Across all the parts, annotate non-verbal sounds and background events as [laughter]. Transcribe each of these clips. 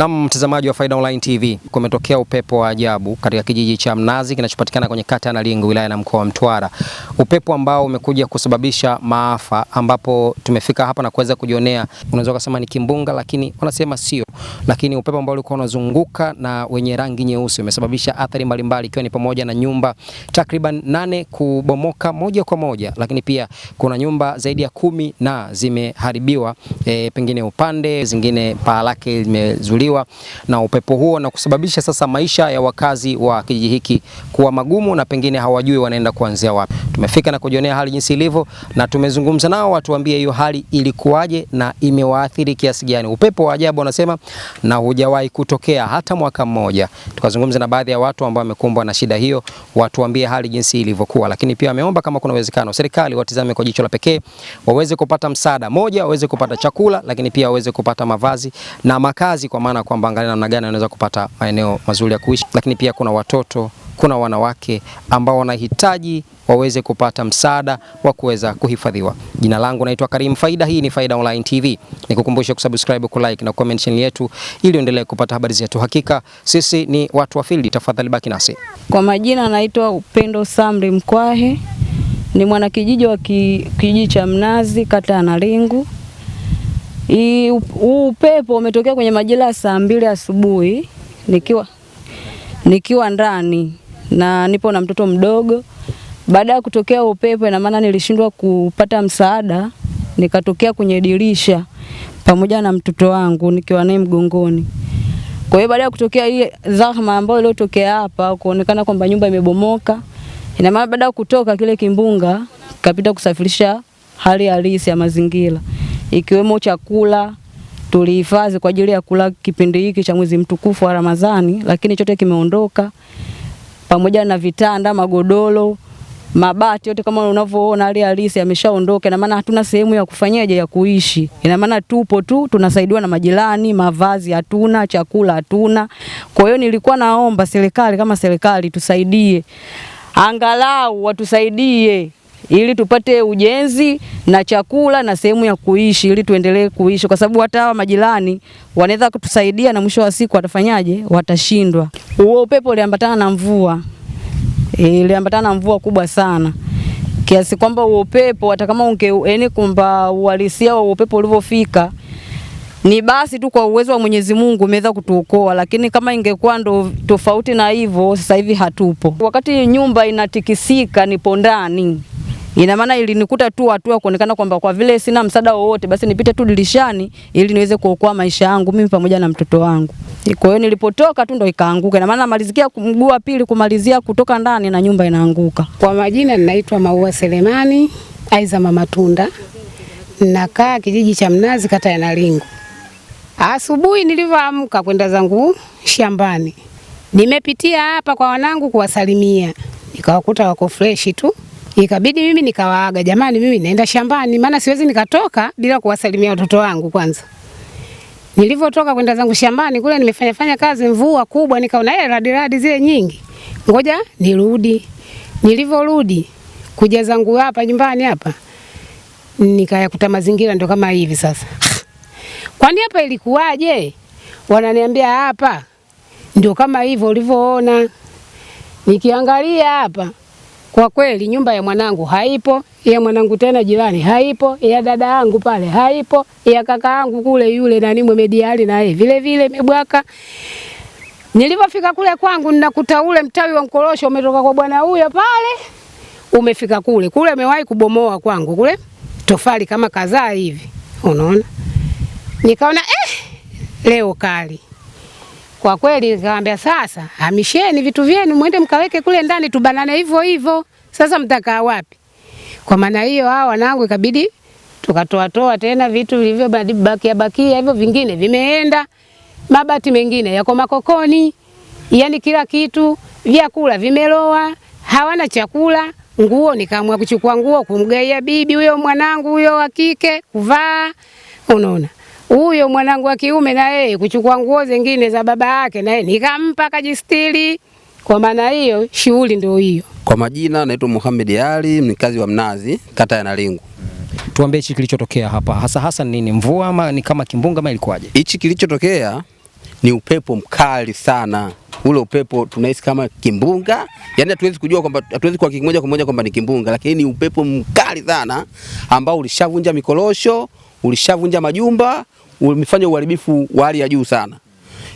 Na mtazamaji wa Faida Online TV, kumetokea upepo wa ajabu katika kijiji cha Mnazi kinachopatikana kwenye kata ya Nalingu wilaya na mkoa wa Mtwara, upepo ambao umekuja kusababisha maafa, ambapo tumefika hapa na kuweza kujionea, unaweza kusema ni kimbunga, lakini wanasema sio, lakini upepo ambao ulikuwa unazunguka na wenye rangi nyeusi umesababisha athari mbalimbali, ikiwa ni pamoja na nyumba takriban nane kubomoka moja kwa moja, lakini pia kuna nyumba zaidi ya kumi na zimeharibiwa e, pengine upande zingine paa lake limezuliwa kuathiriwa na upepo huo na kusababisha sasa maisha ya wakazi wa kijiji hiki kuwa magumu na pengine hawajui wanaenda kuanzia wapi. Tumefika na kujionea hali jinsi ilivyo, na tumezungumza nao watuambie hiyo hali ilikuwaje na imewaathiri kiasi gani. Upepo wa ajabu wanasema, na hujawahi kutokea hata mwaka mmoja. Tukazungumza na baadhi ya watu ambao wamekumbwa na shida hiyo, watuambie hali jinsi ilivyokuwa, lakini pia wameomba kama kuna uwezekano serikali watizame kwa jicho la pekee, waweze kupata msaada, moja waweze kupata chakula, lakini pia waweze kupata mavazi na makazi kwa maana kuona kwamba angalia namna gani anaweza kupata maeneo mazuri ya kuishi, lakini pia kuna watoto kuna wanawake ambao wanahitaji waweze kupata msaada wa kuweza kuhifadhiwa. Jina langu naitwa Karim Faida, hii ni Faida Online TV. Nikukumbusha kusubscribe, kulike na comment channel yetu ili uendelee kupata habari zetu. Hakika sisi ni watu wa field, tafadhali baki nasi. Kwa majina naitwa Upendo Samri Mkwahe, ni mwanakijiji wa kijiji cha Mnazi, kata ya Nalingu upepo umetokea kwenye majira ya saa mbili asubuhi nikiwa, nikiwa ndani na nipo na mtoto mdogo. Baada ya kutokea upepo, ina maana nilishindwa kupata msaada, nikatokea kwenye dirisha pamoja na mtoto wangu nikiwa naye mgongoni. Kwa hiyo baada ya kutokea hii zahma ambayo iliyotokea hapa, kuonekana kwamba nyumba imebomoka, ina maana baada ya kutoka kile kimbunga kapita kusafirisha hali halisi ya mazingira ikiwemo chakula tulihifadhi kwa ajili ya kula kipindi hiki cha mwezi mtukufu wa Ramadhani, lakini chote kimeondoka, pamoja na vitanda, magodoro, mabati yote kama unavyoona hali halisi yameshaondoka. Ina maana hatuna sehemu ya kufanyaje ya kuishi, ina maana tupo tu tunasaidiwa na majirani. Mavazi hatuna, chakula hatuna. Kwa hiyo nilikuwa naomba serikali, kama serikali tusaidie, angalau watusaidie ili tupate ujenzi na chakula na sehemu ya kuishi, ili tuendelee kuishi, kwa sababu hata hawa majirani wanaweza kutusaidia na mwisho wa siku watafanyaje? Watashindwa. Huo upepo uliambatana na mvua, iliambatana e, na mvua kubwa sana kiasi kwamba huo upepo hata kama unge yaani, kwamba uhalisia wa upepo ulivyofika ni basi tu kwa uwezo wa Mwenyezi Mungu umeweza kutuokoa, lakini kama ingekuwa ndo tofauti na hivyo, sasa hivi hatupo. Wakati nyumba inatikisika, nipo ndani Ina maana ilinikuta tu hatua kuonekana kwamba kwa vile sina msaada wowote, basi nipite tu dirishani ili niweze kuokoa maisha yangu mimi pamoja na mtoto wangu. Kwa hiyo nilipotoka tu ndo ikaanguka. Ina maana malizikia mguu wa pili kumalizia kutoka ndani na nyumba inaanguka. Kwa majina ninaitwa Maua Selemani Aiza Mama Tunda, nakaa kijiji cha Mnazi, kata ya Nalingu. Asubuhi nilivyoamka kwenda zangu shambani, nimepitia hapa kwa wanangu kuwasalimia, nikawakuta wako freshi tu Ikabidi mimi nikawaaga, jamani, mimi naenda shambani, maana siwezi nikatoka bila kuwasalimia watoto wangu kwanza. Nilivyotoka kwenda zangu shambani kule, nimefanya fanya kazi, mvua kubwa, nikaona ile eh, radi radi zile nyingi, ngoja nirudi. Nilivyorudi kuja zangu hapa nyumbani hapa, nikayakuta mazingira ndio kama hivi sasa. Kwani hapa ilikuwaje? Wananiambia hapa ndio kama hivyo ulivyoona. Nikiangalia hapa kwa kweli nyumba ya mwanangu haipo, ya mwanangu tena jirani haipo, ya dada yangu pale haipo, ya kaka yangu kule yule nani na yeye vile vile mebwaka. Nilipofika kule kwangu ninakuta ule mtawi wa mkorosho umetoka kwa bwana huyo pale, umefika kule kule, amewahi kubomoa kwangu kule tofali kama kadhaa hivi, unaona, nikaona eh, leo kali kwa kweli nikamwambia, sasa hamisheni vitu vyenu mwende mkaweke kule ndani, tubanane hivyo hivyo. Sasa mtakaa wapi? Kwa maana hiyo hao wanangu ikabidi tukatoa toa tena vitu vilivyobakia bakia hivyo, vingine vimeenda, mabati mengine yako makokoni, yani kila kitu, vyakula vimeloa, hawana chakula. Nguo nikaamua kuchukua nguo kumgaia bibi huyo mwanangu huyo wa kike kuvaa, unaona huyo mwanangu wa kiume na yeye kuchukua nguo zingine za baba yake na yeye nikampa kajistiri. Kwa maana hiyo shughuli ndio hiyo. Kwa majina naitwa Muhammad Ali, mkazi wa Mnazi, kata ya Nalingu. Tuambie hichi kilichotokea hapa hasa hasa nini, mvua ama ni kama kimbunga ama ilikuwaje? Hichi kilichotokea ni upepo mkali sana, ule upepo tunahisi kama kimbunga, yaani hatuwezi kujua kwamba hatuwezi kwa kimoja kwa moja kwamba ni kimbunga, lakini ni upepo mkali sana ambao ulishavunja mikorosho, ulishavunja majumba umefanya uharibifu wa hali ya juu sana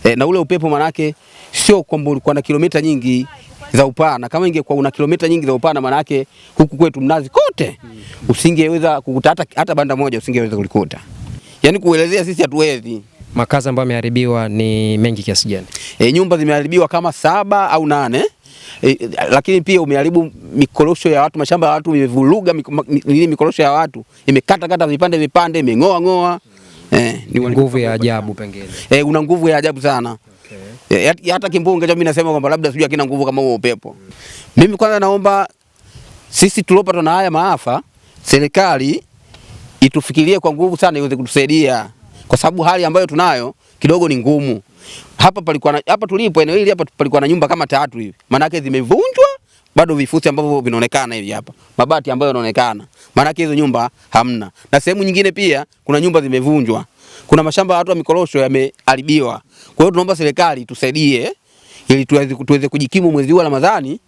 e, na ule upepo manake sio kwamba ulikuwa na kilomita nyingi za upana. Kama ingekuwa una kilomita nyingi za upana, manake huku kwetu Mnazi kote usingeweza kukuta hata, hata banda moja usingeweza kulikuta. Yaani kuelezea sisi hatuwezi. Makazi ambayo yameharibiwa ni mengi kiasi gani? E, nyumba zimeharibiwa kama saba au nane. E, lakini pia umeharibu mikorosho ya watu, mashamba ya watu imevuruga, mikorosho ya watu imekata kata vipande vipande, imeng'oa ng'oa, ng'oa Eh, ni nguvu ya ajabu pengine. Eh, una nguvu ya ajabu sana. Okay. Eh, hata kimbunga cha mimi nasema kwamba labda sijui akina nguvu kama huo upepo. Mm. Mimi kwanza naomba sisi tuliopatwa na haya maafa, serikali itufikirie kwa nguvu sana iweze kutusaidia kwa sababu hali ambayo tunayo kidogo ni ngumu. Hapa palikuwa hapa tulipo eneo hili hapa palikuwa na nyumba kama tatu hivi. Maana yake zimevunjwa bado vifusi ambavyo vinaonekana hivi hapa, mabati ambayo yanaonekana, maana hizo nyumba hamna. Na sehemu nyingine pia kuna nyumba zimevunjwa, kuna mashamba watu wa mikorosho yameharibiwa. Kwa hiyo tunaomba serikali tusaidie, ili tuweze, tuweze kujikimu mwezi huu wa Ramadhani,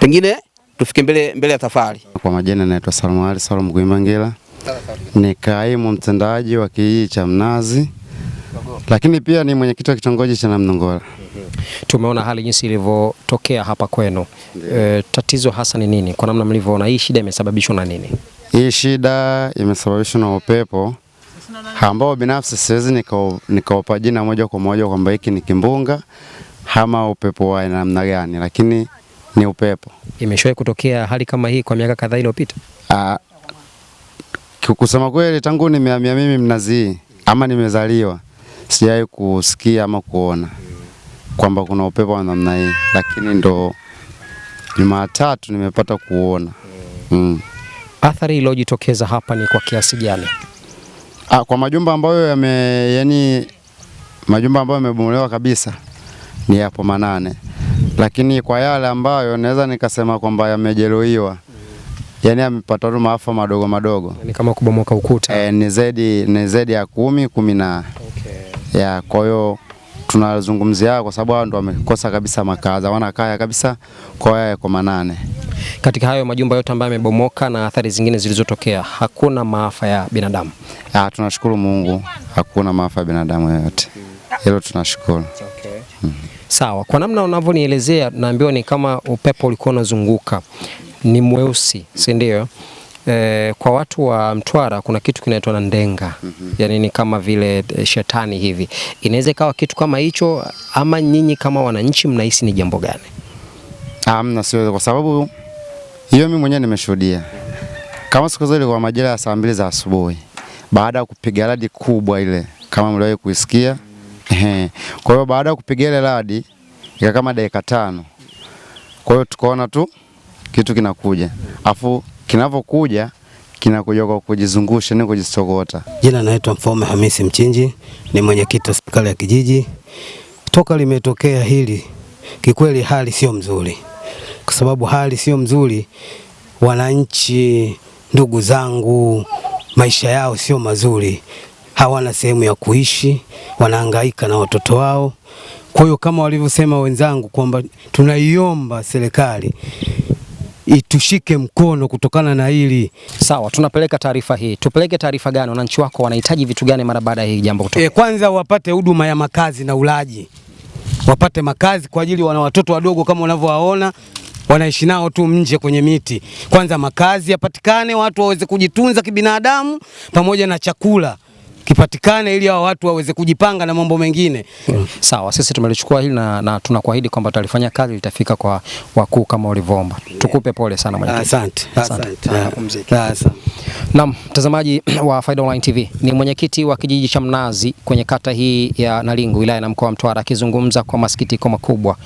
pengine tufike mbele, mbele ya safari. Kwa majina naitwa Salum Ali Salum ni kaimu mtendaji wa kijiji cha Mnazi lakini pia ni mwenyekiti wa kitongoji cha Namnongola. Tumeona hali jinsi ilivyotokea hapa kwenu. E, tatizo hasa ni nini? Kwa namna mlivyoona hii shida imesababishwa na nini? Hii shida imesababishwa na upepo ambao binafsi siwezi nikaopa jina moja kwa moja kwamba hiki ni kimbunga ama upepo wa namna gani, lakini ni upepo. Imeshawahi kutokea hali kama hii kwa miaka kadhaa iliyopita? Ah, kusema kweli tangu nimehamia mimi Mnazi ama nimezaliwa sijawahi kusikia ama kuona kwamba kuna upepo wa namna hii, lakini ndo Jumatatu nimepata kuona mm. Athari iliyojitokeza hapa ni kwa kiasi gani? Ah, kwa majumba ambayo yame yani, majumba ambayo yamebomolewa kabisa ni yapo manane, lakini kwa yale ambayo naweza nikasema kwamba yamejeruhiwa yani yamepata tu maafa madogo madogo, yani kama kubomoka ukuta e, ni zaidi ni zaidi ya kumi kumi na ya kwa hiyo tunazungumzia kwa sababu hao ndo wamekosa kabisa makazi, hawana kaya kabisa, kwa haya yako manane. Katika hayo majumba yote ambayo yamebomoka na athari zingine zilizotokea, hakuna maafa ya binadamu. Ah, tunashukuru Mungu, hakuna maafa ya binadamu yoyote, hilo tunashukuru. Okay. Mm. Sawa, kwa namna unavyonielezea naambiwa ni kama upepo ulikuwa unazunguka, ni mweusi, si ndio? E, kwa watu wa Mtwara kuna kitu kinaitwa na ndenga mm -hmm. Yani ni kama vile eh, shetani hivi, inaweza ikawa kitu kama hicho, ama nyinyi kama wananchi mnahisi ni jambo gani? Amna, ah, siwezi kwa sababu hiyo mimi mwenyewe nimeshuhudia. Kama siku zile kwa majira ya saa mbili za asubuhi baada ya kupiga radi kubwa ile, kama mliwahi kuisikia. Kwa hiyo baada ya kupiga ile radi ika kama dakika tano, kwa hiyo tukaona tu kitu kinakuja afu kinavyokuja kinakuja kwa kujizungusha ni kujisogota. Jina naitwa Mfaume Hamisi Mchinji, ni mwenyekiti wa serikali ya kijiji. Toka limetokea hili, kikweli hali sio mzuri, kwa sababu hali sio mzuri. Wananchi ndugu zangu, maisha yao sio mazuri, hawana sehemu ya kuishi, wanahangaika na watoto wao. Kwa hiyo kama walivyosema wenzangu kwamba tunaiomba serikali itushike mkono kutokana na hili. Sawa, tunapeleka taarifa hii. Tupeleke taarifa gani? Wananchi wako wanahitaji vitu gani mara baada ya hii jambo kutokea? E, kwanza wapate huduma ya makazi na ulaji, wapate makazi kwa ajili wana watoto wadogo kama unavyowaona wanaishi nao tu nje kwenye miti. Kwanza makazi yapatikane, watu waweze kujitunza kibinadamu, pamoja na chakula kipatikane ili hao watu waweze kujipanga na mambo mengine hmm. Sawa, sisi tumelichukua hili na, na tunakuahidi kwamba tutalifanya kazi, litafika kwa wakuu kama ulivyoomba. Tukupe pole sana mwenyekiti. Asante. Asante. Asante. Asante. Asante. Naam, mtazamaji [clears throat] wa Faida Online TV, ni mwenyekiti wa kijiji cha Mnazi kwenye kata hii ya Nalingu wilaya na mkoa wa Mtwara akizungumza kwa masikitiko makubwa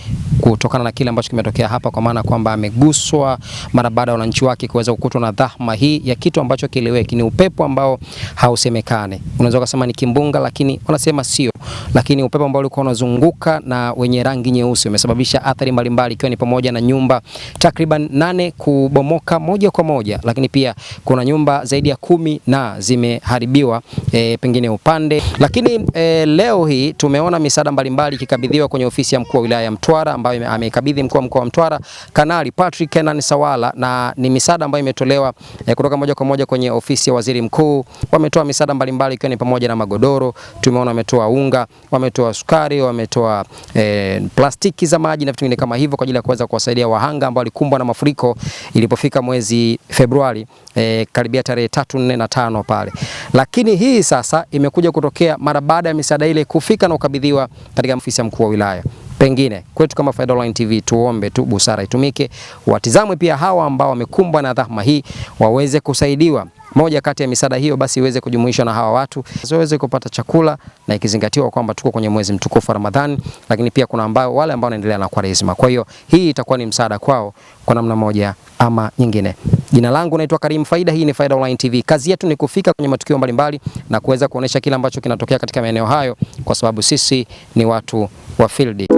kutokana na kile ambacho kimetokea hapa, kwa maana kwamba ameguswa mara baada ya wananchi wake kuweza kukutwa na dhahma hii ya kitu ambacho kieleweki. Ni upepo ambao hausemekane. unaweza kusema ni kimbunga, lakini wanasema sio, lakini upepo ambao ulikuwa unazunguka na wenye rangi nyeusi umesababisha athari mbalimbali, ikiwa ni pamoja na nyumba takriban nane kubomoka moja kwa moja, lakini pia kuna nyumba zaidi ya kumi na zimeharibiwa e, pengine upande. Lakini e, leo hii tumeona misaada mbalimbali ikikabidhiwa kwenye ofisi ya mkuu wa wilaya ya Mtwara ambayo ameikabidhi mkuu wa mkoa wa Mtwara Kanali Patrick Kenan Sawala, na ni misaada ambayo imetolewa e, kutoka moja kwa moja kwenye ofisi ya waziri mkuu. Wametoa misaada mbalimbali ikiwa ni pamoja na magodoro, tumeona wametoa unga, wametoa sukari, wametoa e, plastiki za maji na vitu vingine kama hivyo kwa ajili ya kuweza kuwasaidia wahanga ambao walikumbwa na mafuriko ilipofika mwezi Februari e, karibia tarehe tatu, nne na tano pale, lakini hii sasa imekuja kutokea mara baada ya misaada ile kufika na kukabidhiwa katika ofisi ya mkuu wa wilaya. Pengine kwetu kama Faida Online TV tuombe tu busara itumike, watizamwe pia hawa ambao wamekumbwa na dhahma hii waweze kusaidiwa moja kati ya misaada hiyo basi iweze kujumuishwa na hawa watu waweze kupata chakula, na ikizingatiwa kwamba tuko kwenye mwezi mtukufu Ramadhani, lakini pia kuna ambao wale ambao wanaendelea na Kwaresima. Kwa hiyo hii itakuwa ni msaada kwao kwa namna moja ama nyingine. Jina langu naitwa Karim Faida, hii ni Faida Online TV. Kazi yetu ni kufika kwenye matukio mbalimbali na kuweza kuonesha kile ambacho kinatokea katika maeneo hayo, kwa sababu sisi ni watu wa field.